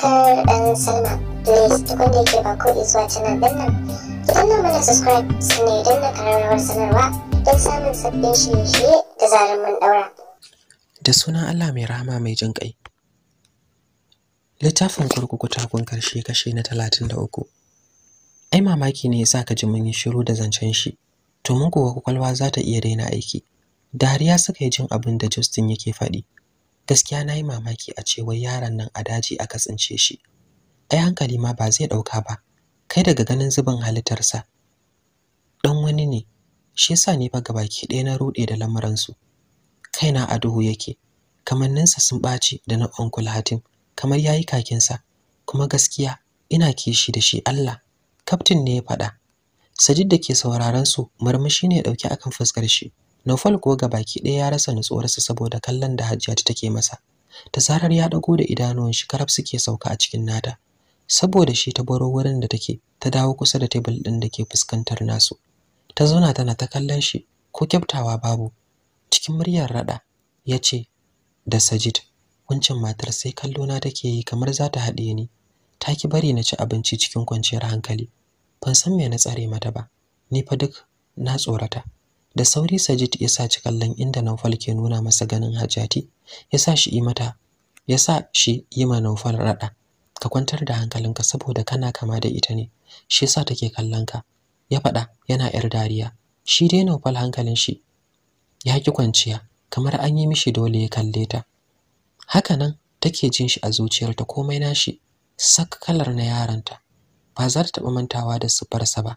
subscribe and sign up. Please tukunde ke ba ko zuwa canal din nan. Ki danna mana subscribe sannan idan na karar sanarwa don samun sabbin shirye-shirye da zarar mun daura. Da sunan Allah mai rahama mai jin ƙai. Littafin kurkuku takun ƙarshe kashe na talatin da uku. Ai mamaki ne yasa ka ji mun yi shiru da zancen shi. To mun kuwa kwakwalwa za ta iya daina aiki. Dariya suka yi jin abin da Justin yake faɗi. gaskiya na yi mamaki a ce wai yaron nan a daji aka tsince shi ai hankali ma ba zai ɗauka ba kai daga ganin zubin halittarsa ɗan wani ne shi yasa ni fa baki ɗaya na ruɗe da lamuransu kaina a duhu yake kamanninsa sun ɓaci da na onkul hatim kamar yayi kakinsa kuma gaskiya ina kishi da shi Allah kaftin ne ya faɗa sajid da ke sauraron su murmushi ne ya ɗauki akan fuskar shi Nufal kuwa baki ɗaya ya rasa nutsuwarsa saboda kallon da ta take masa. Ta zarar ya ɗago da idanuwan shi karab suke sauka a cikin nata. Saboda shi ta baro wurin da take, ta dawo kusa da tebul ɗin da ke fuskantar nasu. Ta zauna tana ta kallon shi, ko kyaftawa babu. Cikin muryar raɗa, ya ce da Sajid, Wancan matar sai kallo na take yi kamar za ta haɗe ni. Ta ki bari na ci abinci cikin kwanciyar hankali. Ban san me na tsare mata ba. Ni fa duk na tsorata." da sauri sajid ya saci kallon inda naufal ke nuna masa ganin hajjati ya sa shi yi mata ya sa shi yi ma naufal raɗa ka kwantar da hankalinka saboda kana kama da ita ne shi yasa take kallon ka ya faɗa yana yar dariya shi dai naufal hankalin shi ya ki kwanciya kamar an yi mishi dole ya kalle ta haka nan take jin shi a zuciyarta komai nashi sak kalar na yaranta ba za ta taɓa mantawa da siffarsa ba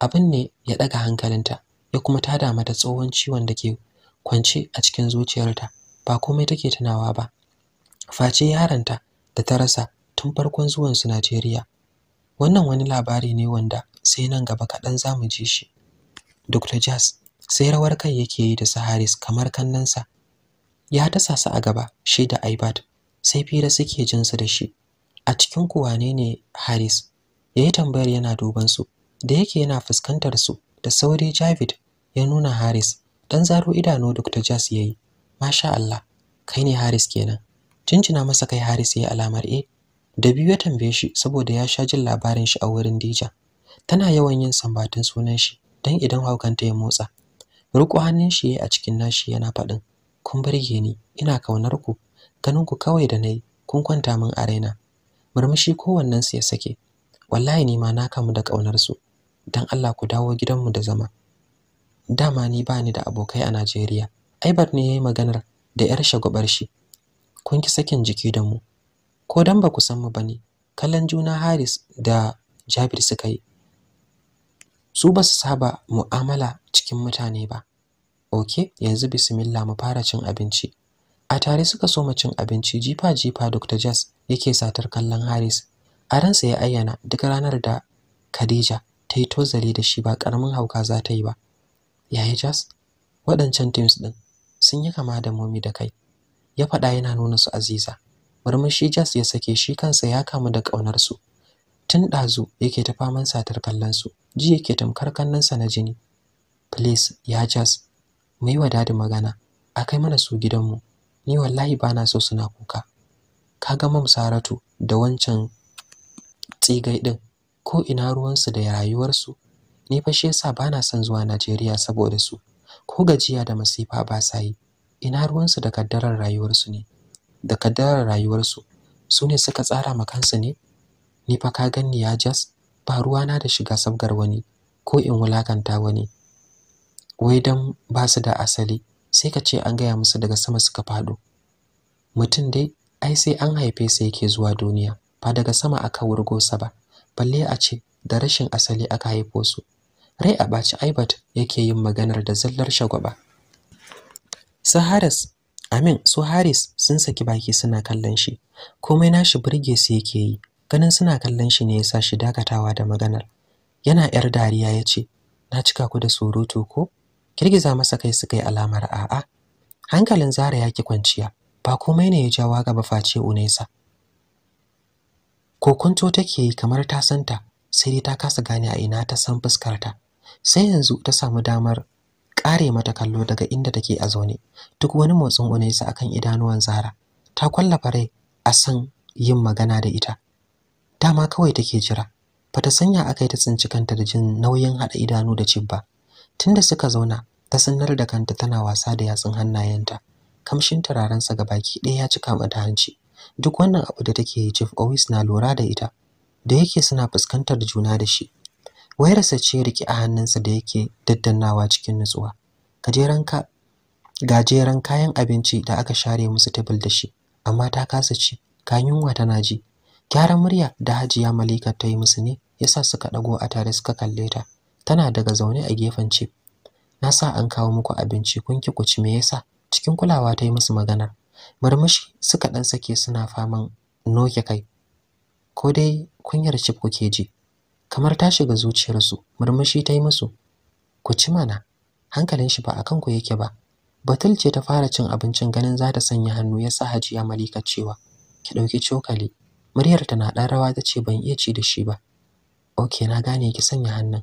abin ne ya ɗaga hankalinta ya kuma tada mata tsohon ciwon da ke kwance a cikin zuciyarta ba komai take tunawa ba face yaranta da ta rasa tun farkon zuwansu Najeriya wannan wani labari ne wanda sai nan gaba kaɗan za mu ji shi Dr. Jazz sai rawar kai yake yi da Saharis kamar kannansa ya dasa su a gaba shi da Aibat sai fira suke jinsu da shi a cikin kuwa ne ne Haris yayi tambayar yana duban su da yake yana fuskantar su da sauri Javid ya nuna Haris dan zaro idanu Dr. Jas yayi masha Allah kai ne Haris kenan cincina masa kai Haris yayi alamar eh da biyu ya tambaye shi saboda ya sha jin labarin shi a wurin Dija tana yawan yin sambatin sunan shi dan idan haukanta ya motsa riko hannun shi yayi a cikin nashi yana faɗin kun burge ni ina kaunar ku ganin ku kawai da nayi kun kwanta min a raina murmushi kowannansu ya sake wallahi ni ma na kamu da kaunar su dan Allah ku dawo gidanmu da zama dama ni ba ni da abokai a Najeriya Aibar ne ya yi maganar da yar shagobar shi kun ki sakin jiki da mu ko dan ba ku san mu bane kallon juna Haris da Jabir suka yi su ba su saba mu'amala cikin mutane ba oke yanzu bismillah mu fara cin abinci a tare suka soma cin abinci jifa jifa Dr. Jazz yake satar kallon Haris a ransa ya ayyana duk ranar da Khadija ta yi tozali da shi ba ƙaramin hauka za ta yi ba yaya jas waɗancan teams ɗin sun yi kama da momi da kai ya faɗa yana nuna su aziza murmushi jas ya sake shi kansa ya kamu da ƙaunar su tun ɗazu yake ta faman satar kallon su ji yake tamkar sa na jini please ya jas mu yi wa dadi magana a kai mana su gidanmu ni wallahi bana so suna kuka ka ga mam saratu da wancan tsigai ɗin, ko ina ruwansu da rayuwarsu ni fa shi yasa bana son zuwa Najeriya saboda su ko gajiya da masifa ba sa yi ina ruwansu da kaddarar rayuwarsu ne da kaddarar rayuwarsu su ne suka tsara ma kansu ne ni fa ka ganni ya jas ba ruwa na da shiga sabgar wani ko in wulakanta wani wai dan ba su da asali sai ka ce an gaya musu daga sama suka fado mutum dai ai sai an haife sai yake zuwa duniya ba daga sama aka wurgo sa ba balle a ce da rashin asali aka haifo su rai a ɓaci aibat yake yin maganar da zallar shagwaba su haris amin su haris sun saki baki suna kallon shi komai nashi burge su yake yi ganin suna kallon shi ne ya sa shi dakatawa da maganar yana yar dariya ya ce na cika ku da surutu ko girgiza masa kai suka yi alamar a'a hankalin zara ya ki kwanciya ba komai ne ya jawa gaba face unesa kokunto take kamar ta santa sai dai ta kasa gane a ina ta san fuskarta sai yanzu ta samu damar kare mata kallo daga inda take a zaune duk wani motsin unaisa akan idanuwan Zara ta kwallafa rai a san yin magana da ita dama kawai take jira bata sanya akai ta tsinci kanta da jin nauyin hada idanu da cibba tunda suka zauna ta sanar da kanta tana wasa da yatsun hannayenta kamshin sa ga baki ɗaya ya cika mata hanci duk wannan abu da take yi Chief Owis na lura da ita da yake suna fuskantar juna da shi wayarsa ce rike a hannunsa da yake daddannawa cikin nutsuwa gajeren gajeran kayan abinci da aka share musu table da shi amma ta kasa ci kayan yunwa tana ji gyaran murya da hajiya malika ta yi musu ne yasa suka dago a tare suka kalle ta tana daga zaune a gefen cif. na sa an kawo muku abinci kun ki kuci me yasa cikin kulawa ta yi musu magana murmushi suka dan sake suna faman noke kai ko dai kunyar cif kuke ji kamar ta shiga zuciyarsu murmushi ta yi musu ku ci mana hankalin shi ba a kanku yake ba batul ce ta fara cin abincin ganin za ta sanya hannu ya sa hajiya malika cewa ki ɗauki cokali muryar ta na ɗan rawa ta ce ban iya ci da shi ba ok na gane ki sanya hannun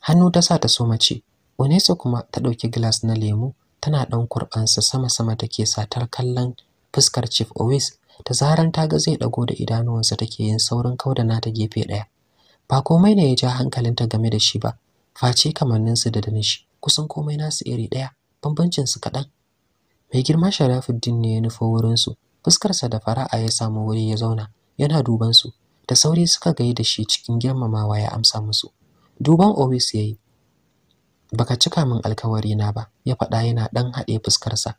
hannu ta sa ta so mace onesa kuma ta ɗauki gilas na lemu tana ɗan kurɓansa sama-sama take satar kallon fuskar chief owis ta zaran ta ga zai ɗago da idanuwansa take yin saurin kauda nata gefe ɗaya ba komai ne ya ja hankalinta game da shi ba face kamanninsu da shi, kusan komai nasu iri ɗaya su kaɗan mai girma sharafuddin ne ya nufo wurinsu fuskarsa da fara'a ya samu wuri ya zauna yana duban su da sauri suka gai da shi cikin girmamawa ya amsa musu duban Owis yayi baka cika min alkawari na ba ya faɗa yana ɗan haɗe fuskarsa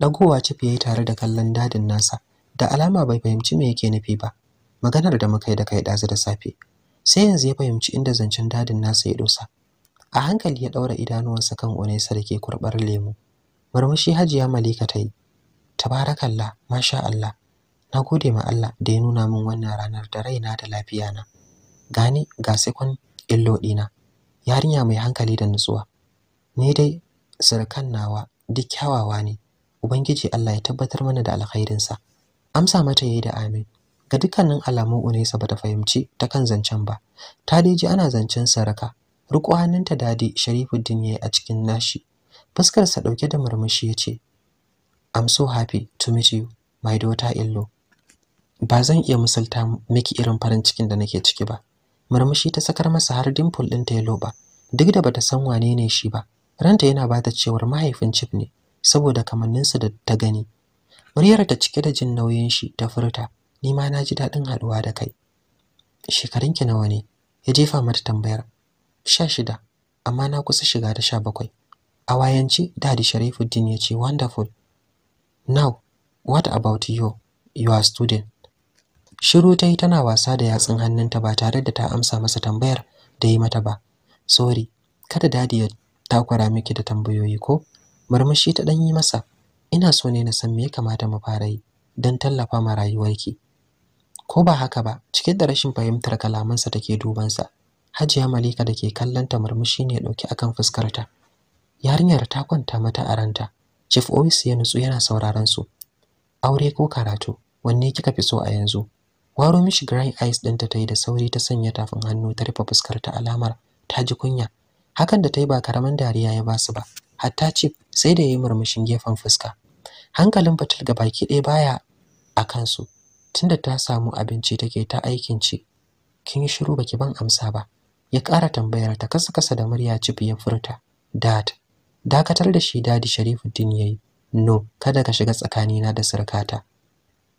ɗagowa cif yayi tare da kallon dadin nasa da alama bai fahimci me yake nufi ba maganar da muka yi da kai ɗazu da safe sai yanzu ya fahimci inda zancen dadin nasa ya dosa a hankali ya daura idanuwansa kan Unaisa da ke kurbar lemu murmushi Hajiya Malika ta yi tabarakallah masha Allah na gode ma Allah da ya nuna min wannan ranar da raina da lafiya na. gani ga sekon illo dina yarinya mai hankali da nutsuwa ni dai sirkan nawa duk kyawawa ne ubangiji Allah ya tabbatar mana da alkhairinsa amsa mata yayi da amin ga dukkanin alamu Unesa bata fahimci ta kan zancen ba ta dai ji ana zancen saraka riko hannunta dadi Sharifuddin yayi a cikin nashi fuskar sa dauke da murmushi yace I'm so happy to meet you my daughter Illo ba zan iya musulta miki irin farin cikin da nake ciki ba murmushi ta sakar masa har dimple ta yi loba duk da bata san wane ne shi ba ranta yana bata cewar mahaifin Chip ne saboda kamanninsa da ta gani muryar ta cike da jin nauyin shi ta furta ni ma na ji daɗin haɗuwa da kai shekarunki nawa ne ya jefa mata tambayar sha shida amma na kusa shiga da sha bakwai a wayanci dadi sharifuddin ya ce wonderful now what about you you are student shiru ta yi tana wasa da yatsun hannunta ba tare da ta amsa masa tambayar da yi mata ba sorry kada dadi ya takwara miki da tambayoyi ko murmushi ta ɗan yi masa ina so ne na san me ya kamata mu fara yi don tallafa ma rayuwarki ko ba haka ba cike da rashin fahimtar kalamansa take dubansa hajiya malika da ke kallon ta murmushi ne ɗauki akan fuskarta yarinyar ta kwanta mata a ranta chief ois ya nutsu yana sauraron su aure ko karatu wanne kika fi so a yanzu waro mishi grind eyes ɗinta ta yi da sauri ta sanya tafin hannu ta rufe fuskarta alamar ta ji kunya hakan da ta yi ba karaman dariya ya basu ba hatta chief sai da ya yi murmushin gefen fuska hankalin batul ga baki ɗaya baya a kansu tunda ta samu abinci take ta aikin ci kin yi shiru baki ban amsa ba ya ƙara tambayar ta kasa kasa da murya cifi ya furta dad dakatar da shi dadi sharifuddin yayi no kada ka shiga tsakanina da surkata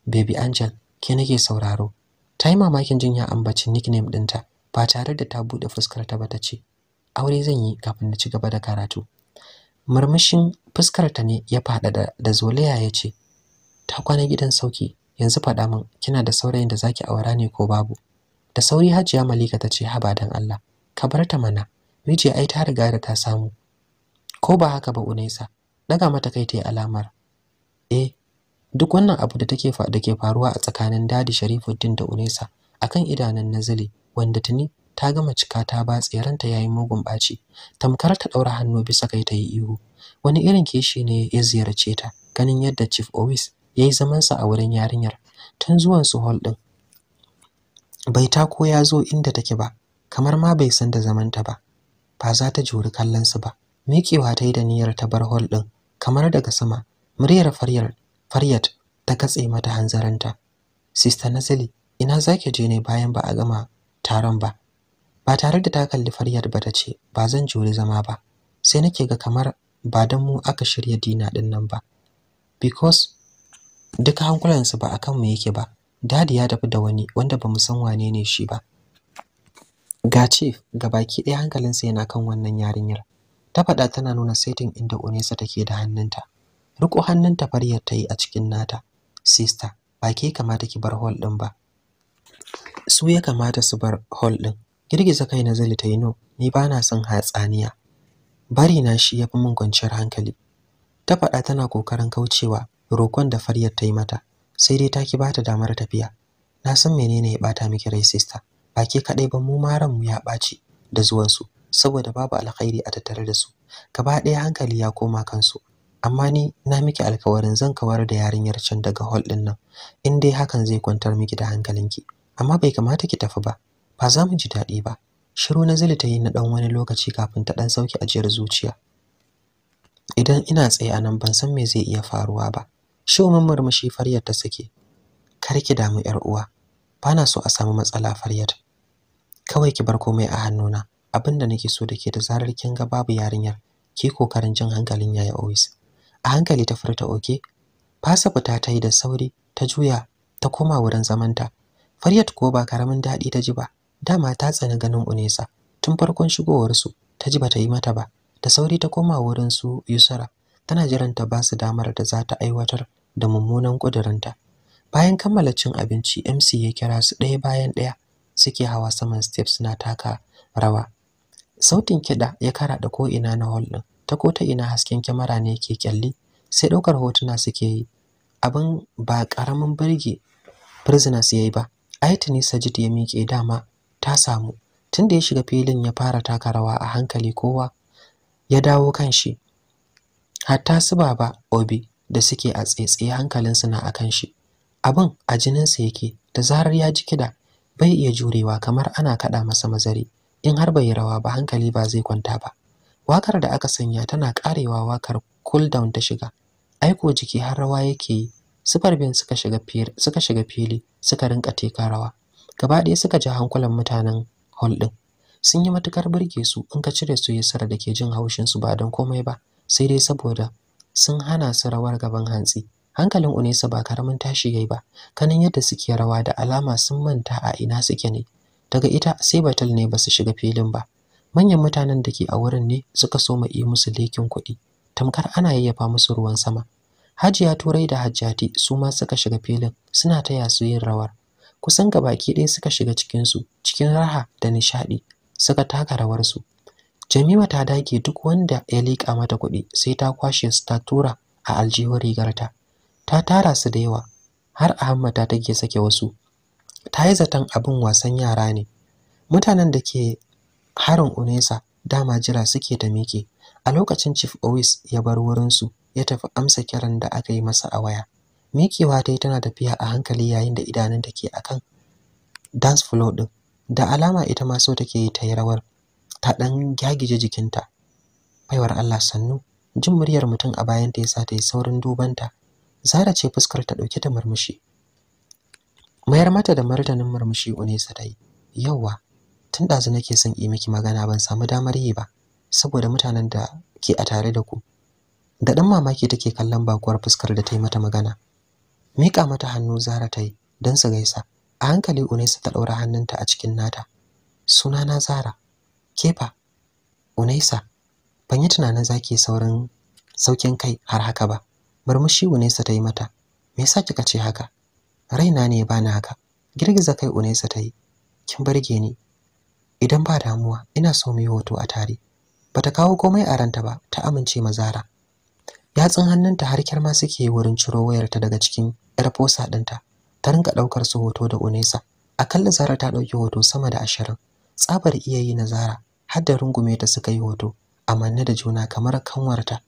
baby angel ke nake sauraro ta yi mamakin jinya ambacin ambaci nickname ɗinta ba tare da ta buɗe fuskar ta ba ta ce aure zan yi kafin na ci gaba da karatu murmushin fuskar ta ne ya faɗaɗa da zolaya ya ce ta kwana gidan sauki yanzu faɗa min kina da saurayin da zaki aura ne ko babu da sauri hajiya malika ta ce haba dan Allah ka bar ta mana miji ai ta riga da ta samu ko ba haka ba unaisa daga mata kai ta yi alamar eh duk wannan abu da take fa da ke faruwa a tsakanin dadi Sharifuddin da Unaisa akan idanun Nazili wanda tuni ta gama cika ta ba tsiranta yayin mugun baci tamkar ta ɗaura hannu bisa kai ta yi ihu wani irin kishi ne ya ziyarce ta ganin yadda Chief Owis ya yi zamansa a wurin yarinyar tun zuwan su hall ɗin bai ta koya zo inda take ba kamar ma bai san da zamanta ba ba za ta juri kallonsu ba miƙewa ta yi da niyyar ta bar hall ɗin kamar daga sama muryar faryar faryat ta katse mata hanzarinta sista nazali ina zaki je ne bayan ba a gama taron ba ba tare da ta kalli faryar ba ta ce ba zan juri zama ba sai nake ga kamar ba don mu aka shirya dina din nan ba because Duka hankulansu ba a kanmu yake ba dadi ya tafi da wani wanda ba mu san wane ne shi ba ga chief ga baki ɗaya hankalinsa yana kan wannan yarinyar ta faɗa tana nuna saitin inda unesa take da hannunta riko hannunta faryar ta yi a cikin nata sister ba ke kamata ki bar hall ɗin ba su ya kamata su bar hall ɗin girgiza kai na zali ta yi no ni ba na son hatsaniya bari na shi ya fi min kwanciyar hankali ta faɗa tana kokarin kaucewa roƙon da Faryar ta yi mata sai dai ta ki bata damar tafiya na san menene ya bata miki rai sister ba ke kadai ba mu ma mu ya ɓaci da zuwan su saboda babu alkhairi a tattare da su gaba ɗaya hankali ya koma kansu amma ni na miki alkawarin zan kawar da yarinyar can daga hall din nan in dai hakan zai kwantar miki da hankalinki amma bai kamata ki tafi ba ba za mu ji daɗi ba shiru na zili ta yi na ɗan wani lokaci kafin ta ɗan sauke ajiyar zuciya idan ina tsaye a nan ban san me zai iya faruwa ba Shomin murmushi Faryar ta sake. Kar ki damu yar uwa. Bana so a samu matsala Faryar. Kawai ki bar komai a hannuna. Abinda nake so dake da zarar kin ga babu yarinyar, ki kokarin jin hankalin yaya always. A hankali ta furta oke. Fasa ta yi da sauri, ta juya, ta koma wurin zamanta. Faryat ko ba karamin daɗi ta ji ba. Dama ta tsani ganin Unesa. Tun farkon shigowarsu, ta ji bata yi mata ba. Da sauri ta koma wurin su Yusra. Tana jiran ta ba su damar da za ta aiwatar da mummunan ƙudurinta. Bayan kammala cin abinci, MC ya kira su ɗaya bayan ɗaya suke hawa saman steps na taka rawa. Sautin kiɗa ya da ko'ina na hall ɗin, ta ko ta ina hasken kyamara ne ke kyalli, sai ɗaukar hotuna suke yi. Abin ba ƙaramin birge prisoners ya yi ba, Aitini Sajid ya miƙe dama ta samu, tunda ya shiga filin ya fara taka rawa a hankali kowa ya dawo kan shi. Hatta su baba Obi da suke a tsetse suna na kan shi abin a jininsa yake da zarar ya ji kiɗa bai iya jurewa kamar ana kaɗa masa mazari in har bai rawa ba hankali ba zai kwanta ba wakar da aka sanya tana karewa wakar cool down ta shiga aiko jiki har rawa yake yi sifar bin suka shiga fili suka shiga fili suka rinka teka rawa gaba ɗaya suka ji hankulan mutanen hall din sun yi matukar burge su in ka cire su yasar da ke jin haushin su ba don komai ba sai dai saboda sun hana su rawar gaban hantsi hankalin Unesa ba karamin tashi yayi ba kanin yadda suke rawa da alama sun manta a ina suke ne daga ita sai batal ne ba su shiga filin ba manyan mutanen da ke a wurin ne suka so yi musu lekin kuɗi tamkar ana yayyafa musu ruwan sama Hajiya Turai da Hajjati su ma suka shiga filin suna ta su yin rawar kusan gabaki ɗaya suka shiga cikinsu, cikin raha da nishaɗi suka taka rawarsu. Jamima ta dage duk wanda ya liƙa mata kuɗi sai ta kwashe su ta tura a aljihun rigarta. Ta tara su da yawa har a ta take sake wasu. Ta yi zaton abin wasan yara ne. Mutanen da ke harin Unesa dama jira suke ta miƙe. A lokacin Chief Owis ya bar wurin su ya tafi amsa kiran da aka yi masa a waya. Miƙewa ta yi tana tafiya a hankali yayin da idanunta ke akan dance floor ɗin. Da alama ita ma so take yi ta yi rawar. ta ɗan gyagije jikinta baiwar Allah sannu jin muryar mutum a bayan ya sa ta yi saurin dubanta Zara ce fuskar ta ɗauke da murmushi mayar mata da martanin murmushi Unesa ta yi yawwa tun ɗazu nake son yi miki magana ban samu damar yi ba saboda mutanen da ke a tare da ku da ɗan mamaki take kallon bakuwar fuskar da ta yi mata magana miƙa mata hannu Zara ta yi don su gaisa a hankali Unesa ta ɗaura hannunta a cikin nata sunana Zara kefa unaisa ban yi tunanin zaki saurin saukin kai har haka ba murmushi unaisa ta yi mata me yasa kika ce haka raina ne ba na haka girgiza kai unaisa ta yi kin barge ni idan ba damuwa ina so mu yi hoto a tare bata kawo komai a ranta ba ta amince ma Zara. yatsun hannunta har kyarma suke wurin ciro wayarta daga cikin yar fosa ɗinta ta rinka ɗaukar su hoto da Unesa akalla Zara ta ɗauki hoto sama da ashirin tsabar iya yi na Zara har da rungume ta suka yi hoto amanne da juna kamar kanwarta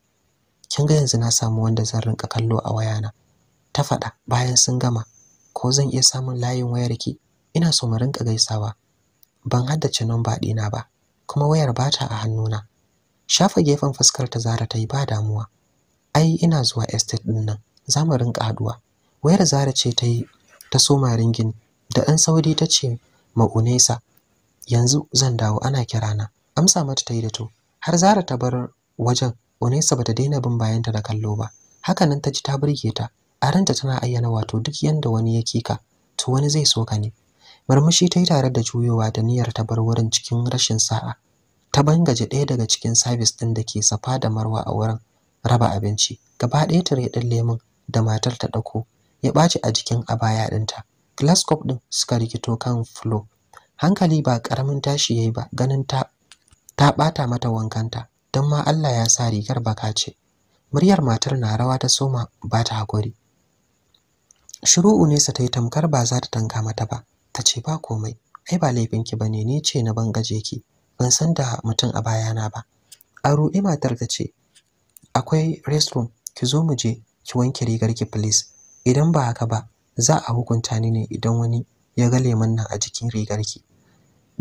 kin ga yanzu na samu wanda zan rinka kallo a wayana ta faɗa bayan sun gama ko zan iya samun layin wayar ki ina so mu rinka gaisawa ban haddace namba ɗina ba kuma wayar bata a hannuna shafa gefen fuskar ta Zara ta yi ba damuwa ai ina zuwa estate din nan za mu rinka haduwa wayar Zara ce ta yi ta soma ringin da ɗan saudi ta ce ma'unesa yanzu zan dawo ana kira na amsa mata ta yi da to har zara ta bar wajen Onesa bata daina bin bayanta da kallo ba Haka nan ta ji ta burge ta a ranta tana ayyana wato duk yanda wani ya kika to wani zai so ka ne murmushi ta yi tare da juyowa da niyyar ta bar wurin cikin rashin sa'a ta bangaje ɗaya daga cikin sabis ɗin da ke safa da marwa a wurin raba abinci gaba ɗaya tare ɗin lemun da matar ta ɗauko ya ɓaci a jikin abaya ɗinta glass ɗin suka rikito kan flo hankali ba karamin tashi yayi ba ganin ta ta bata mata wankanta dan ma Allah ya sa rigar baka ce muryar matar na rawa ta soma ba ta hakuri shiru sa ta yi tamkar ba za ta tanka mata ba ta ce ba komai ai ba laifin laifinki bane ni ce na bangaje ki ban san da mutum a bayana ba a ruɗe matar ta ce akwai restroom ki zo mu je ki wanke rigar ki please idan ba haka ba za a hukunta ni ne idan wani ya ga lemon nan a jikin rigar ki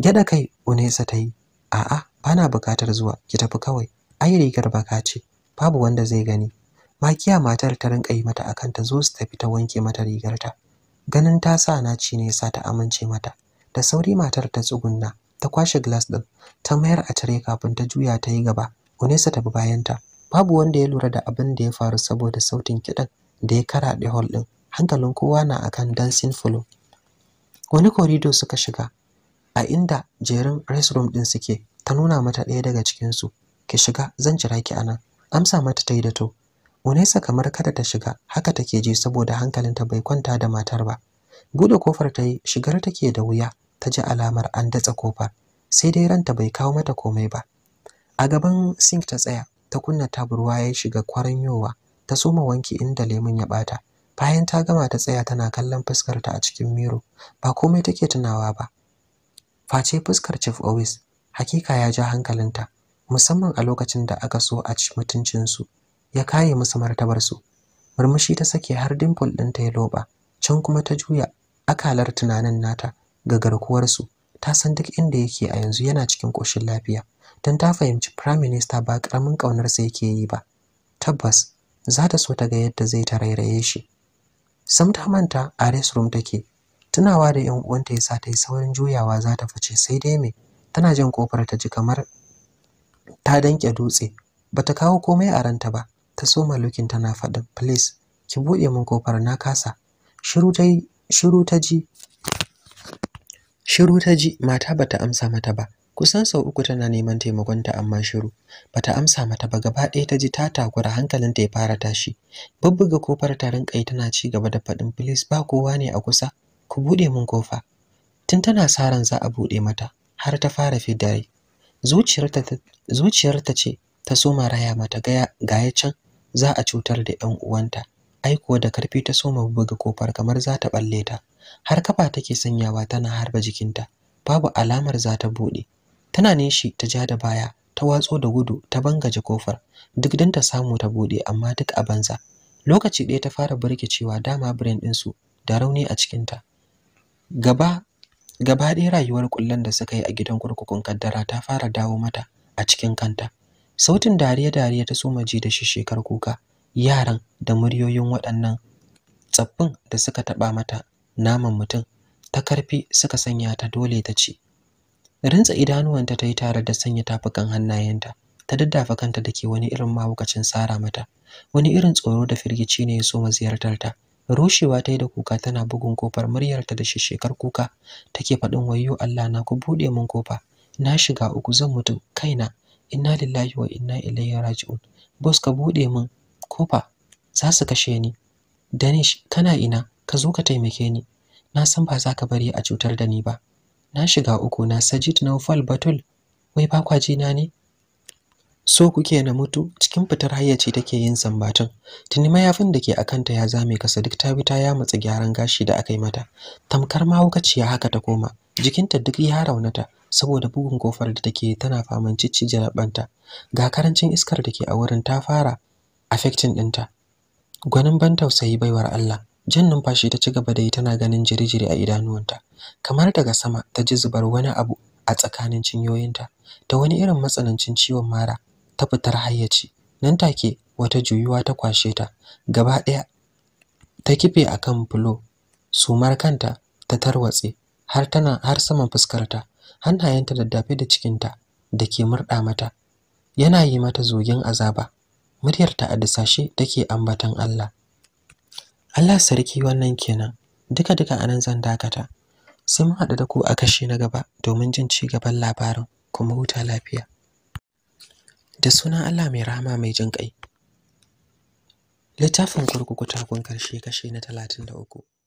Gyada kai Unesa ta yi. A'a, bana bukatar zuwa, ki tafi kawai. Ai rigar baka ce, babu wanda zai gani. Makiya matar ta rinka yi mata akan ta zo su tafi ta wanke mata rigarta. Ganin ta sa na ci ne sa ta amince mata. Da sauri matar ta tsugunna, ta kwashe glass ɗin. ta mayar a tare kafin ta juya ta yi gaba. Unesa ta bi bayanta. Babu wanda ya lura da abin da ya faru saboda sautin kiɗan da ya karaɗe hall ɗin, Hankalin kowa na akan dancing floor. Wani korido suka shiga, a inda jerin restroom din suke ta nuna mata ɗaya daga cikin su ki shiga zan jira ki anan amsa mata ta yi da to Unesa kamar kada ta shiga haka take ji saboda hankalin ta bai kwanta da matar ba bude kofar ta yi shigar take da wuya ta ji alamar an datsa kofar sai dai ranta bai kawo mata komai ba a gaban sink ta tsaya ta kunna taburwa ya shiga kwaranyowa ta soma wanki inda lemun ya bata bayan ta gama ta tsaya tana kallon fuskar ta a cikin miro ba komai take tunawa ba face fuskar Chief Owis hakika ya ja hankalinta musamman a lokacin da aka so a ci mutuncin su ya kaye musu martabarsu murmushi ta sake har dimple ta ya loba can kuma ta juya akalar tunanin nata ga garkuwarsu ta san duk inda yake a yanzu yana cikin ƙoshin lafiya don ta fahimci prime minister ba ƙaramin ƙaunarsa yake yi ba tabbas za ta so ta ga yadda zai tarairaye shi samta manta a restroom take tunawa da yan uwanta ya sa ta yi saurin juyawa za ta fice sai dai me tana jin kofar ta ji kamar ta danke dutse bata kawo komai a ranta ba ta soma lukin tana faɗin please ki buɗe min kofar na kasa shiru ta ji shiru ta ji mata bata amsa mata ba kusan sau uku tana neman taimakonta amma shiru bata amsa mata ba gaba ɗaya ta ji ta takura hankalin ta ya fara tashi bubbuga kofar ta rinka tana ci gaba da faɗin please ba kowa ne a kusa ku buɗe min kofa tun tana sa ran za a buɗe mata har ta fara fidda rai zuciyarta ce ta soma raya mata gaya ya can za a cutar da 'yan uwanta ai da karfi ta soma buga kofar kamar za ta balle ta har kafa take sanyawa tana harba jikinta babu alamar za ta buɗe tana nishi ta ja da baya ta watso da gudu ta bangaje kofar duk dan ta samu ta buɗe amma duk a banza lokaci ɗaya ta fara cewa dama brain ɗinsu da rauni a cikinta gaba gaba ɗaya rayuwar kullen da suka yi a gidan kurkukun kaddara ta fara dawo mata a cikin kanta sautin dariya dariya ta soma ji da shi shekar kuka yaran da muryoyin waɗannan tsaffin da suka taɓa mata naman mutum ta karfi suka sanya ta dole ta ci rinsa idanuwanta ta yi tare da sanya tafukan hannayenta ta daddafa kanta da ke wani irin mahaukacin tsara mata wani irin tsoro da firgici ne ya soma ziyartar ta rushewa ta yi da kuka tana bugun kofar muryarta da shekar kuka take faɗin wayo Allah na ku buɗe min kofa na shiga uku zan mutu kaina inna lillahi wa inna ilaihi raji'un boss ka buɗe min kofa za su kashe ni danish kana ina ka zo ka taimake ni na san ba za ka bari a cutar da ni ba na shiga uku na sajid na ufal batul wai ba kwa na ne so kuke na mutu cikin fitar hayyaci take yin sambatun tuni mayafin da ke akanta ya zame kasa duk ta bi ta ya matsa gyaran gashi da aka yi mata tamkar ya haka ta koma jikinta duk ya raunata saboda bugun kofar da take tana faman cicci labanta ga karancin iskar da ke a wurin ta fara affecting ɗinta gwanin ban tausayi baiwar Allah jan numfashi ta ci gaba da yi tana ganin jirijiri a idanuwanta kamar daga sama ta ji zubar wani abu a tsakanin cinyoyinta ta wani irin matsanancin ciwon mara ta fitar hayyaci nan take wata juyuwa ta kwashe ta gaba ɗaya ta kife a kan fulo sumar kanta ta tarwatse har tana har saman fuskarta hannayenta daddafe da cikinta da ke murɗa mata yana yi mata zogin azaba muryarta a disashe take ambatan Allah Allah sarki wannan kenan duka duka anan zan dakata sai mun haɗu da ku a kashi na gaba domin jin ci gaban labarin kuma huta lafiya da sunan Allah mai rahama mai jin ƙai littafin kurkuku takun karshe kashe na 33